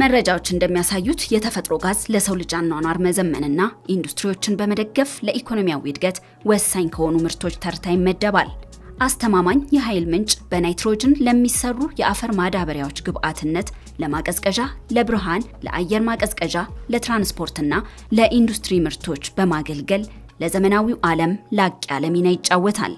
መረጃዎች እንደሚያሳዩት የተፈጥሮ ጋዝ ለሰው ልጅ አኗኗር መዘመንና ኢንዱስትሪዎችን በመደገፍ ለኢኮኖሚያዊ እድገት ወሳኝ ከሆኑ ምርቶች ተርታ ይመደባል። አስተማማኝ የኃይል ምንጭ በናይትሮጅን ለሚሰሩ የአፈር ማዳበሪያዎች ግብዓትነት፣ ለማቀዝቀዣ፣ ለብርሃን፣ ለአየር ማቀዝቀዣ፣ ለትራንስፖርትና ለኢንዱስትሪ ምርቶች በማገልገል ለዘመናዊው ዓለም ላቅ ያለ ሚና ይጫወታል።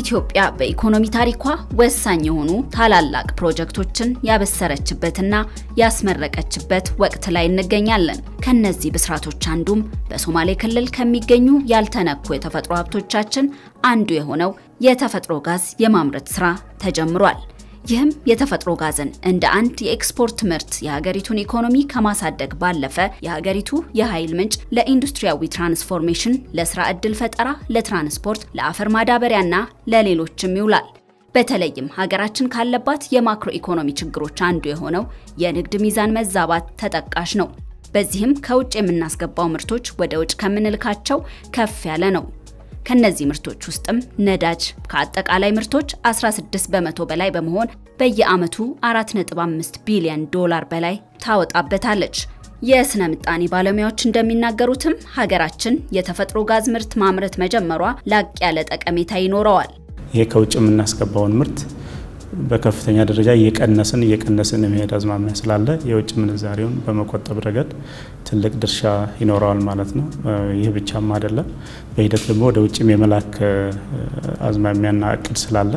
ኢትዮጵያ በኢኮኖሚ ታሪኳ ወሳኝ የሆኑ ታላላቅ ፕሮጀክቶችን ያበሰረችበትና ያስመረቀችበት ወቅት ላይ እንገኛለን። ከነዚህ ብስራቶች አንዱም በሶማሌ ክልል ከሚገኙ ያልተነኩ የተፈጥሮ ሀብቶቻችን አንዱ የሆነው የተፈጥሮ ጋዝ የማምረት ስራ ተጀምሯል። ይህም የተፈጥሮ ጋዝን እንደ አንድ የኤክስፖርት ምርት የሀገሪቱን ኢኮኖሚ ከማሳደግ ባለፈ የሀገሪቱ የኃይል ምንጭ ለኢንዱስትሪያዊ ትራንስፎርሜሽን፣ ለስራ ዕድል ፈጠራ፣ ለትራንስፖርት፣ ለአፈር ማዳበሪያና ለሌሎችም ይውላል። በተለይም ሀገራችን ካለባት የማክሮ ኢኮኖሚ ችግሮች አንዱ የሆነው የንግድ ሚዛን መዛባት ተጠቃሽ ነው። በዚህም ከውጭ የምናስገባው ምርቶች ወደ ውጭ ከምንልካቸው ከፍ ያለ ነው። ከነዚህ ምርቶች ውስጥም ነዳጅ ከአጠቃላይ ምርቶች 16 በመቶ በላይ በመሆን በየዓመቱ 4.5 ቢሊዮን ዶላር በላይ ታወጣበታለች። የስነ ምጣኔ ባለሙያዎች እንደሚናገሩትም ሀገራችን የተፈጥሮ ጋዝ ምርት ማምረት መጀመሯ ላቅ ያለ ጠቀሜታ ይኖረዋል። ይሄ ከውጭ የምናስገባውን ምርት በከፍተኛ ደረጃ እየቀነስን እየቀነስን የመሄድ አዝማሚያ ስላለ የውጭ ምንዛሬውን በመቆጠብ ረገድ ትልቅ ድርሻ ይኖረዋል ማለት ነው። ይህ ብቻም አይደለም። በሂደት ደግሞ ወደ ውጭም የመላክ አዝማሚያና እቅድ ስላለ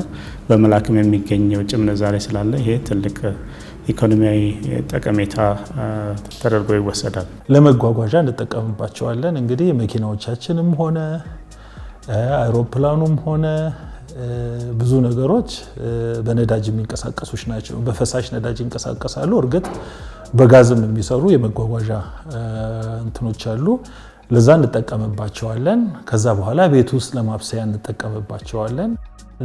በመላክም የሚገኝ የውጭ ምንዛሬ ስላለ ይሄ ትልቅ ኢኮኖሚያዊ ጠቀሜታ ተደርጎ ይወሰዳል። ለመጓጓዣ እንጠቀምባቸዋለን። እንግዲህ መኪናዎቻችንም ሆነ አይሮፕላኑም ሆነ ብዙ ነገሮች በነዳጅ የሚንቀሳቀሱች ናቸው። በፈሳሽ ነዳጅ ይንቀሳቀሳሉ። እርግጥ በጋዝም የሚሰሩ የመጓጓዣ እንትኖች አሉ። ለዛ እንጠቀምባቸዋለን። ከዛ በኋላ ቤት ውስጥ ለማብሰያ እንጠቀምባቸዋለን።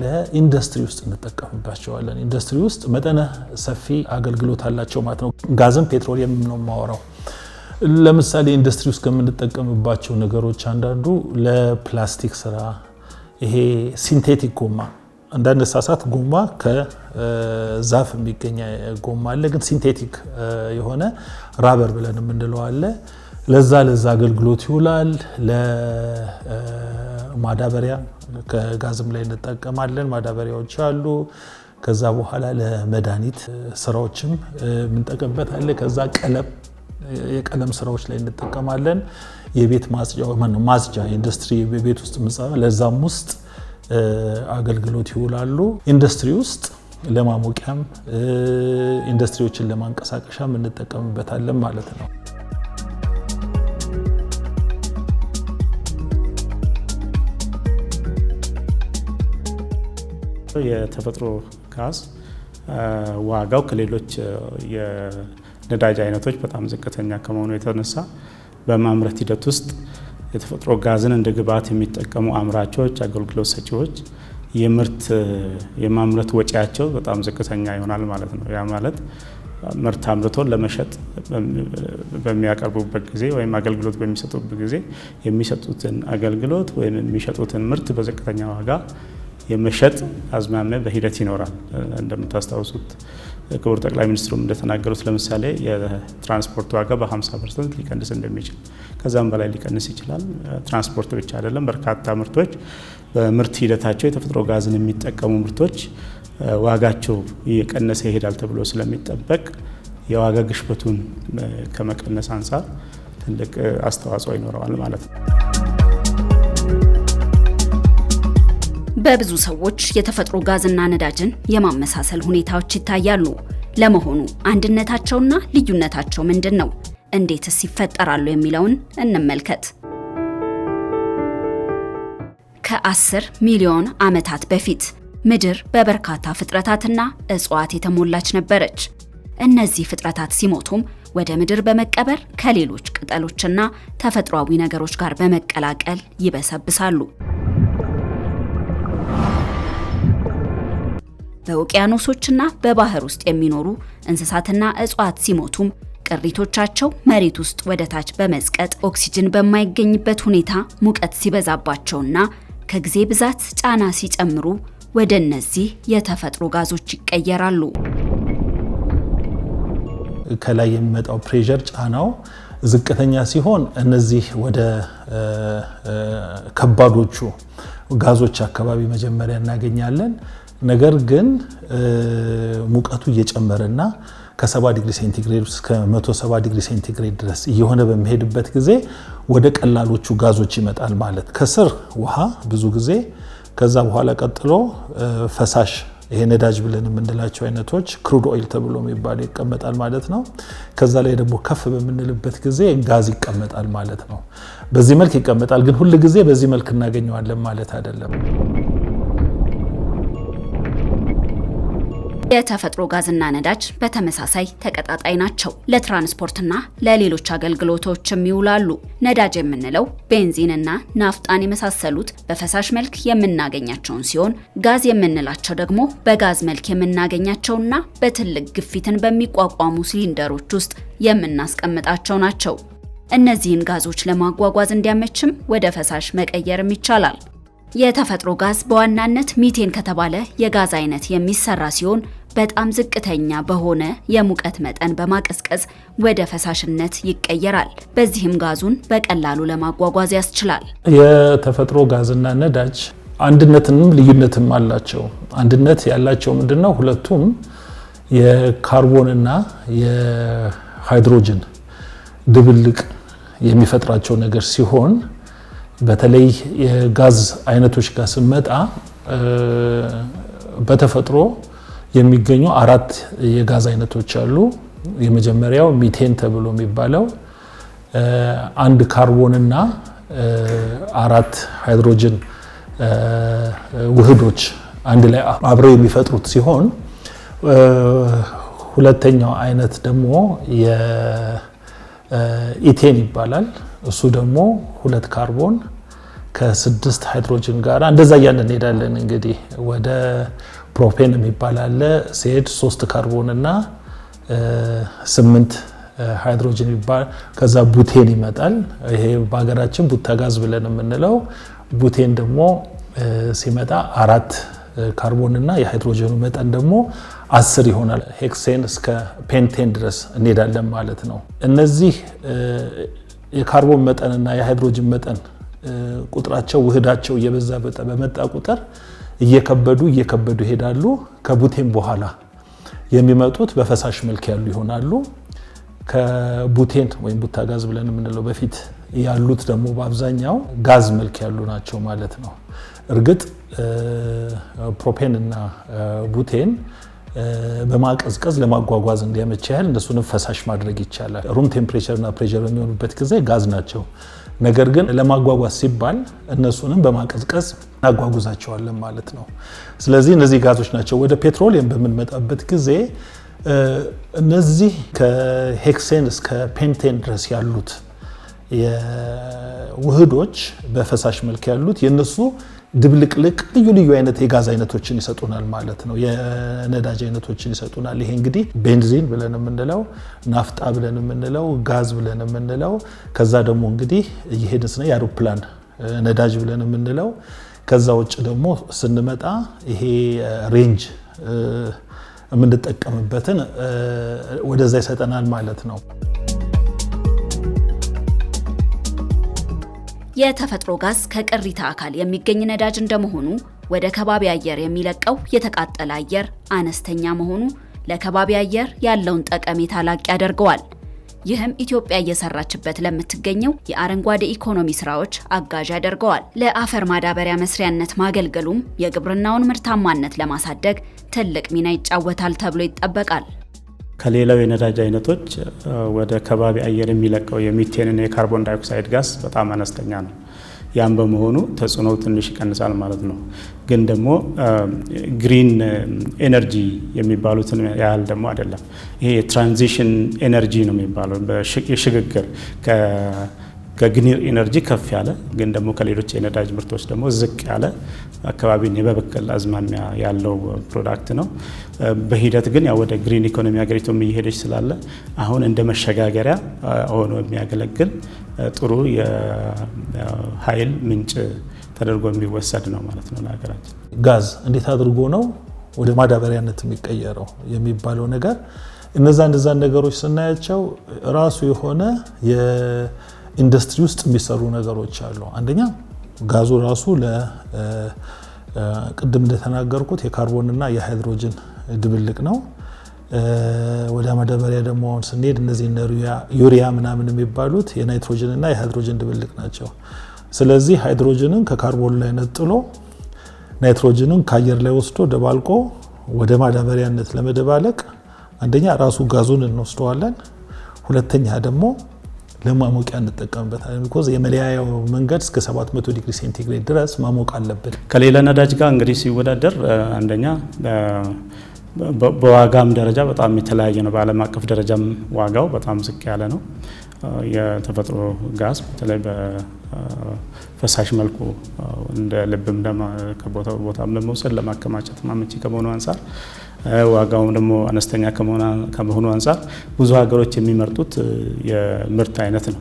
ለኢንዱስትሪ ውስጥ እንጠቀምባቸዋለን። ኢንዱስትሪ ውስጥ መጠነ ሰፊ አገልግሎት አላቸው ማለት ነው። ጋዝም ፔትሮሊየም ነው የማወራው። ለምሳሌ ኢንዱስትሪ ውስጥ ከምንጠቀምባቸው ነገሮች አንዳንዱ ለፕላስቲክ ስራ ይሄ ሲንቴቲክ ጎማ እንዳነሳሳት ጎማ ከዛፍ የሚገኝ ጎማ አለ፣ ግን ሲንቴቲክ የሆነ ራበር ብለን የምንለው አለ። ለዛ ለዛ አገልግሎት ይውላል። ለማዳበሪያ ከጋዝም ላይ እንጠቀማለን። ማዳበሪያዎች አሉ። ከዛ በኋላ ለመድኃኒት ስራዎችም የምንጠቀምበት አለ። ከዛ ቀለም የቀለም ስራዎች ላይ እንጠቀማለን። የቤት ማጽጃ ኢንዱስትሪ ቤት ውስጥ ለዛም ውስጥ አገልግሎት ይውላሉ። ኢንዱስትሪ ውስጥ ለማሞቂያም ኢንዱስትሪዎችን ለማንቀሳቀሻም እንጠቀምበታለን ማለት ነው። የተፈጥሮ ጋዝ ዋጋው ከሌሎች ነዳጅ አይነቶች በጣም ዝቅተኛ ከመሆኑ የተነሳ በማምረት ሂደት ውስጥ የተፈጥሮ ጋዝን እንደ ግብዓት የሚጠቀሙ አምራቾች፣ አገልግሎት ሰጪዎች የምርት የማምረት ወጪያቸው በጣም ዝቅተኛ ይሆናል ማለት ነው። ያ ማለት ምርት አምርቶ ለመሸጥ በሚያቀርቡበት ጊዜ ወይም አገልግሎት በሚሰጡበት ጊዜ የሚሰጡትን አገልግሎት ወይም የሚሸጡትን ምርት በዝቅተኛ ዋጋ የመሸጥ አዝማሚያ በሂደት ይኖራል። እንደምታስታውሱት ክቡር ጠቅላይ ሚኒስትሩ እንደተናገሩት ለምሳሌ የትራንስፖርት ዋጋ በ50 ፐርሰንት ሊቀንስ እንደሚችል ከዛም በላይ ሊቀንስ ይችላል። ትራንስፖርት ብቻ አይደለም፣ በርካታ ምርቶች በምርት ሂደታቸው የተፈጥሮ ጋዝን የሚጠቀሙ ምርቶች ዋጋቸው እየቀነሰ ይሄዳል ተብሎ ስለሚጠበቅ የዋጋ ግሽበቱን ከመቀነስ አንጻር ትልቅ አስተዋጽኦ ይኖረዋል ማለት ነው። በብዙ ሰዎች የተፈጥሮ ጋዝና ነዳጅን የማመሳሰል ሁኔታዎች ይታያሉ። ለመሆኑ አንድነታቸውና ልዩነታቸው ምንድን ነው? እንዴትስ ይፈጠራሉ የሚለውን እንመልከት። ከአስር ሚሊዮን ዓመታት በፊት ምድር በበርካታ ፍጥረታትና እጽዋት የተሞላች ነበረች። እነዚህ ፍጥረታት ሲሞቱም ወደ ምድር በመቀበር ከሌሎች ቅጠሎችና ተፈጥሯዊ ነገሮች ጋር በመቀላቀል ይበሰብሳሉ። በውቅያኖሶችና በባህር ውስጥ የሚኖሩ እንስሳትና እጽዋት ሲሞቱም ቅሪቶቻቸው መሬት ውስጥ ወደ ታች በመዝቀጥ ኦክሲጅን በማይገኝበት ሁኔታ ሙቀት ሲበዛባቸውና ከጊዜ ብዛት ጫና ሲጨምሩ ወደ እነዚህ የተፈጥሮ ጋዞች ይቀየራሉ። ከላይ የሚመጣው ፕሬር ጫናው ዝቅተኛ ሲሆን እነዚህ ወደ ከባዶቹ ጋዞች አካባቢ መጀመሪያ እናገኛለን። ነገር ግን ሙቀቱ እየጨመረና ከ70 ዲግሪ ሴንቲግሬድ እስከ 170 ዲግሪ ሴንቲግሬድ ድረስ እየሆነ በሚሄድበት ጊዜ ወደ ቀላሎቹ ጋዞች ይመጣል። ማለት ከስር ውሃ ብዙ ጊዜ ከዛ በኋላ ቀጥሎ ፈሳሽ ይሄ ነዳጅ ብለን የምንላቸው አይነቶች ክሩድ ኦይል ተብሎ የሚባለው ይቀመጣል ማለት ነው። ከዛ ላይ ደግሞ ከፍ በምንልበት ጊዜ ጋዝ ይቀመጣል ማለት ነው። በዚህ መልክ ይቀመጣል፣ ግን ሁል ጊዜ በዚህ መልክ እናገኘዋለን ማለት አይደለም። የተፈጥሮ ጋዝና ነዳጅ በተመሳሳይ ተቀጣጣይ ናቸው። ለትራንስፖርትና ለሌሎች አገልግሎቶችም ይውላሉ። ነዳጅ የምንለው ቤንዚንና ናፍጣን የመሳሰሉት በፈሳሽ መልክ የምናገኛቸውን ሲሆን ጋዝ የምንላቸው ደግሞ በጋዝ መልክ የምናገኛቸውና በትልቅ ግፊትን በሚቋቋሙ ሲሊንደሮች ውስጥ የምናስቀምጣቸው ናቸው። እነዚህን ጋዞች ለማጓጓዝ እንዲያመችም ወደ ፈሳሽ መቀየርም ይቻላል። የተፈጥሮ ጋዝ በዋናነት ሚቴን ከተባለ የጋዝ አይነት የሚሰራ ሲሆን በጣም ዝቅተኛ በሆነ የሙቀት መጠን በማቀዝቀዝ ወደ ፈሳሽነት ይቀየራል። በዚህም ጋዙን በቀላሉ ለማጓጓዝ ያስችላል። የተፈጥሮ ጋዝና ነዳጅ አንድነትንም ልዩነትም አላቸው። አንድነት ያላቸው ምንድነው? ሁለቱም የካርቦንና የሃይድሮጅን ድብልቅ የሚፈጥራቸው ነገር ሲሆን በተለይ የጋዝ አይነቶች ጋር ስንመጣ በተፈጥሮ የሚገኙ አራት የጋዝ አይነቶች አሉ። የመጀመሪያው ሚቴን ተብሎ የሚባለው አንድ ካርቦን እና አራት ሃይድሮጅን ውህዶች አንድ ላይ አብረው የሚፈጥሩት ሲሆን ሁለተኛው አይነት ደግሞ የኢቴን ይባላል። እሱ ደግሞ ሁለት ካርቦን ከስድስት ሃይድሮጅን ጋር እንደዛ እያለ እንሄዳለን እንግዲህ ወደ ፕሮፔን የሚባል አለ። ሲሄድ ሶስት ካርቦን እና ስምንት ሃይድሮጅን ይባል። ከዛ ቡቴን ይመጣል። ይሄ በሀገራችን ቡታጋዝ ብለን የምንለው ቡቴን ደግሞ ሲመጣ አራት ካርቦን እና የሃይድሮጀኑ መጠን ደግሞ አስር ይሆናል። ሄክሴን እስከ ፔንቴን ድረስ እንሄዳለን ማለት ነው። እነዚህ የካርቦን መጠንና የሃይድሮጅን መጠን ቁጥራቸው ውህዳቸው እየበዛ በመጣ ቁጥር እየከበዱ እየከበዱ ይሄዳሉ። ከቡቴም በኋላ የሚመጡት በፈሳሽ መልክ ያሉ ይሆናሉ። ከቡቴን ወይም ቡታ ጋዝ ብለን የምንለው በፊት ያሉት ደግሞ በአብዛኛው ጋዝ መልክ ያሉ ናቸው ማለት ነው። እርግጥ ፕሮፔን እና ቡቴን በማቀዝቀዝ ለማጓጓዝ እንዲያመች ያህል እነሱንም ፈሳሽ ማድረግ ይቻላል። ሩም ቴምፕሬቸር እና ፕሬሸር በሚሆኑበት ጊዜ ጋዝ ናቸው። ነገር ግን ለማጓጓዝ ሲባል እነሱንም በማቀዝቀዝ እናጓጉዛቸዋለን ማለት ነው። ስለዚህ እነዚህ ጋዞች ናቸው። ወደ ፔትሮሊየም በምንመጣበት ጊዜ እነዚህ ከሄክሴን እስከ ፔንቴን ድረስ ያሉት ውህዶች በፈሳሽ መልክ ያሉት የነሱ ድብልቅልቅ ልዩ ልዩ አይነት የጋዝ አይነቶችን ይሰጡናል ማለት ነው። የነዳጅ አይነቶችን ይሰጡናል። ይሄ እንግዲህ ቤንዚን ብለን የምንለው፣ ናፍጣ ብለን የምንለው፣ ጋዝ ብለን የምንለው ከዛ ደግሞ እንግዲህ እየሄድን ስነ የአውሮፕላን ነዳጅ ብለን የምንለው ከዛ ውጭ ደግሞ ስንመጣ ይሄ ሬንጅ የምንጠቀምበትን ወደዛ ይሰጠናል ማለት ነው። የተፈጥሮ ጋዝ ከቅሪተ አካል የሚገኝ ነዳጅ እንደመሆኑ ወደ ከባቢ አየር የሚለቀው የተቃጠለ አየር አነስተኛ መሆኑ ለከባቢ አየር ያለውን ጠቀሜታ ላቅ ያደርገዋል። ይህም ኢትዮጵያ እየሰራችበት ለምትገኘው የአረንጓዴ ኢኮኖሚ ስራዎች አጋዥ ያደርገዋል። ለአፈር ማዳበሪያ መስሪያነት ማገልገሉም የግብርናውን ምርታማነት ለማሳደግ ትልቅ ሚና ይጫወታል ተብሎ ይጠበቃል። ከሌላው የነዳጅ አይነቶች ወደ ከባቢ አየር የሚለቀው የሚቴንና የካርቦን ዳይኦክሳይድ ጋዝ በጣም አነስተኛ ነው። ያም በመሆኑ ተጽዕኖው ትንሽ ይቀንሳል ማለት ነው። ግን ደግሞ ግሪን ኤነርጂ የሚባሉትን ያህል ደግሞ አይደለም። ይሄ የትራንዚሽን ኤነርጂ ነው የሚባለው የሽግግር ከግኒር ኢነርጂ ከፍ ያለ ግን ደግሞ ከሌሎች የነዳጅ ምርቶች ደግሞ ዝቅ ያለ አካባቢን የበበከል አዝማሚያ ያለው ፕሮዳክት ነው። በሂደት ግን ያው ወደ ግሪን ኢኮኖሚ ሀገሪቱ እየሄደች ስላለ አሁን እንደ መሸጋገሪያ ሆኖ የሚያገለግል ጥሩ የኃይል ምንጭ ተደርጎ የሚወሰድ ነው ማለት ነው። ለሀገራችን ጋዝ እንዴት አድርጎ ነው ወደ ማዳበሪያነት የሚቀየረው የሚባለው ነገር እነዛ እንደዛን ነገሮች ስናያቸው ራሱ የሆነ ኢንዱስትሪ ውስጥ የሚሰሩ ነገሮች አሉ። አንደኛ ጋዙ ራሱ ቅድም እንደተናገርኩት የካርቦን እና የሃይድሮጅን ድብልቅ ነው። ወደ ማዳበሪያ ደግሞ አሁን ስንሄድ እነዚህ ዩሪያ ምናምን የሚባሉት የናይትሮጅን እና የሃይድሮጅን ድብልቅ ናቸው። ስለዚህ ሃይድሮጅንን ከካርቦን ላይ ነጥሎ ናይትሮጅንን ከአየር ላይ ወስዶ ደባልቆ ወደ ማዳበሪያነት ለመደባለቅ አንደኛ ራሱ ጋዙን እንወስደዋለን፣ ሁለተኛ ደግሞ ለማሞቂያ እንጠቀምበታለን። ቢኮዝ የመለያያው መንገድ እስከ 700 ዲግሪ ሴንቲግሬድ ድረስ ማሞቅ አለብን። ከሌላ ነዳጅ ጋር እንግዲህ ሲወዳደር አንደኛ በዋጋም ደረጃ በጣም የተለያየ ነው። በዓለም አቀፍ ደረጃም ዋጋው በጣም ዝቅ ያለ ነው። የተፈጥሮ ጋዝ በተለይ ፈሳሽ መልኩ እንደ ልብም ከቦታ ቦታም ለመውሰድ ለማከማቸት ማመቺ ከመሆኑ አንጻር ዋጋውም ደግሞ አነስተኛ ከመሆኑ አንጻር ብዙ ሀገሮች የሚመርጡት የምርት አይነት ነው።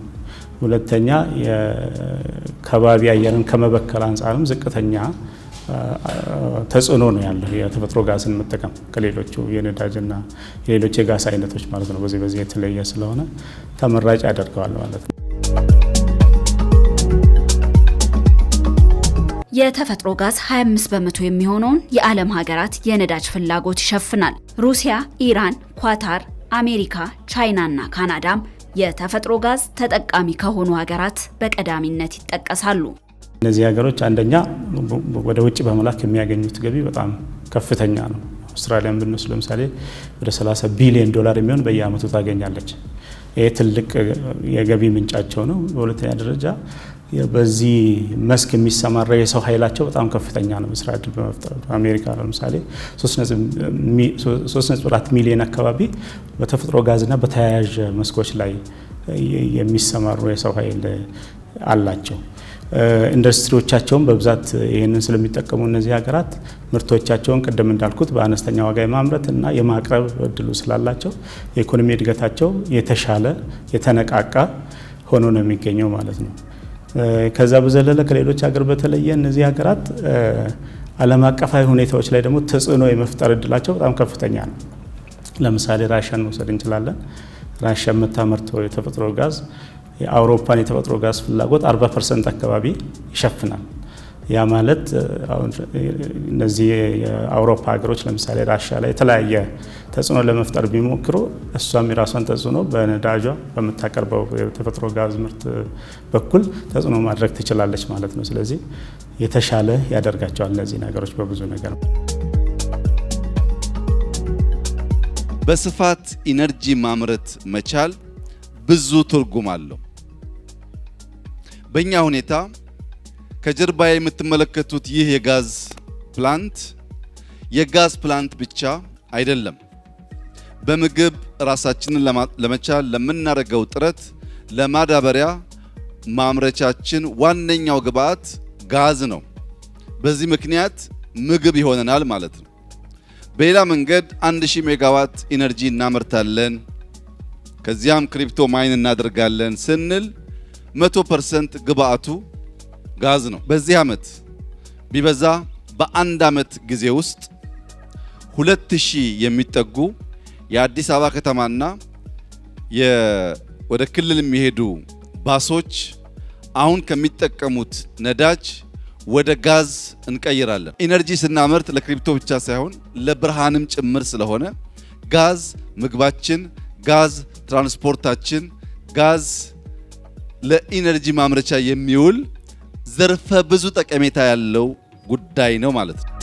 ሁለተኛ የከባቢ አየርን ከመበከል አንጻርም ዝቅተኛ ተጽዕኖ ነው ያለው የተፈጥሮ ጋዝን መጠቀም ከሌሎቹ የነዳጅና የሌሎች የጋስ አይነቶች ማለት ነው። በዚህ በዚህ የተለየ ስለሆነ ተመራጭ ያደርገዋል ማለት ነው። የተፈጥሮ ጋዝ 25 በመቶ የሚሆነውን የዓለም ሀገራት የነዳጅ ፍላጎት ይሸፍናል። ሩሲያ፣ ኢራን፣ ኳታር፣ አሜሪካ፣ ቻይና እና ካናዳም የተፈጥሮ ጋዝ ተጠቃሚ ከሆኑ ሀገራት በቀዳሚነት ይጠቀሳሉ። እነዚህ ሀገሮች አንደኛ ወደ ውጭ በመላክ የሚያገኙት ገቢ በጣም ከፍተኛ ነው። አውስትራሊያን ብንወስድ ለምሳሌ ወደ 30 ቢሊዮን ዶላር የሚሆን በየአመቱ ታገኛለች። ይህ ትልቅ የገቢ ምንጫቸው ነው። በሁለተኛ ደረጃ በዚህ መስክ የሚሰማራ የሰው ኃይላቸው በጣም ከፍተኛ ነው። የስራ እድል በመፍጠር አሜሪካ ለምሳሌ 3.4 ሚሊዮን አካባቢ በተፈጥሮ ጋዝና በተያያዥ መስኮች ላይ የሚሰማሩ የሰው ኃይል አላቸው። ኢንዱስትሪዎቻቸውን በብዛት ይህንን ስለሚጠቀሙ እነዚህ ሀገራት ምርቶቻቸውን ቅድም እንዳልኩት በአነስተኛ ዋጋ የማምረት እና የማቅረብ እድሉ ስላላቸው የኢኮኖሚ እድገታቸው የተሻለ የተነቃቃ ሆኖ ነው የሚገኘው ማለት ነው። ከዛ በዘለለ ከሌሎች ሀገር በተለየ እነዚህ ሀገራት ዓለም አቀፋዊ ሁኔታዎች ላይ ደግሞ ተጽዕኖ የመፍጠር እድላቸው በጣም ከፍተኛ ነው። ለምሳሌ ራሽያን መውሰድ እንችላለን። ራሽያ የምታመርተው የተፈጥሮ ጋዝ የአውሮፓን የተፈጥሮ ጋዝ ፍላጎት 40 ፐርሰንት አካባቢ ይሸፍናል። ያ ማለት እነዚህ የአውሮፓ ሀገሮች ለምሳሌ ራሻ ላይ የተለያየ ተጽዕኖ ለመፍጠር ቢሞክሩ እሷም የራሷን ተጽዕኖ በነዳጇ በምታቀርበው የተፈጥሮ ጋዝ ምርት በኩል ተጽዕኖ ማድረግ ትችላለች ማለት ነው። ስለዚህ የተሻለ ያደርጋቸዋል እነዚህ ነገሮች በብዙ ነገር ነው። በስፋት ኢነርጂ ማምረት መቻል ብዙ ትርጉም አለው። በእኛ ሁኔታ ከጀርባ የምትመለከቱት ይህ የጋዝ ፕላንት የጋዝ ፕላንት ብቻ አይደለም። በምግብ ራሳችንን ለመቻል ለምናደርገው ጥረት ለማዳበሪያ ማምረቻችን ዋነኛው ግብአት ጋዝ ነው። በዚህ ምክንያት ምግብ ይሆነናል ማለት ነው። በሌላ መንገድ 1000 ሜጋዋት ኢነርጂ እናመርታለን፣ ከዚያም ክሪፕቶ ማይን እናደርጋለን ስንል 100% ግብአቱ ጋዝ ነው። በዚህ ዓመት ቢበዛ በአንድ ዓመት ጊዜ ውስጥ ሁለት ሺህ የሚጠጉ የአዲስ አበባ ከተማና ወደ ክልል የሚሄዱ ባሶች አሁን ከሚጠቀሙት ነዳጅ ወደ ጋዝ እንቀይራለን። ኢነርጂ ስናመርት ለክሪፕቶ ብቻ ሳይሆን ለብርሃንም ጭምር ስለሆነ ጋዝ ምግባችን፣ ጋዝ ትራንስፖርታችን፣ ጋዝ ለኢነርጂ ማምረቻ የሚውል ዘርፈ ብዙ ጠቀሜታ ያለው ጉዳይ ነው ማለት ነው።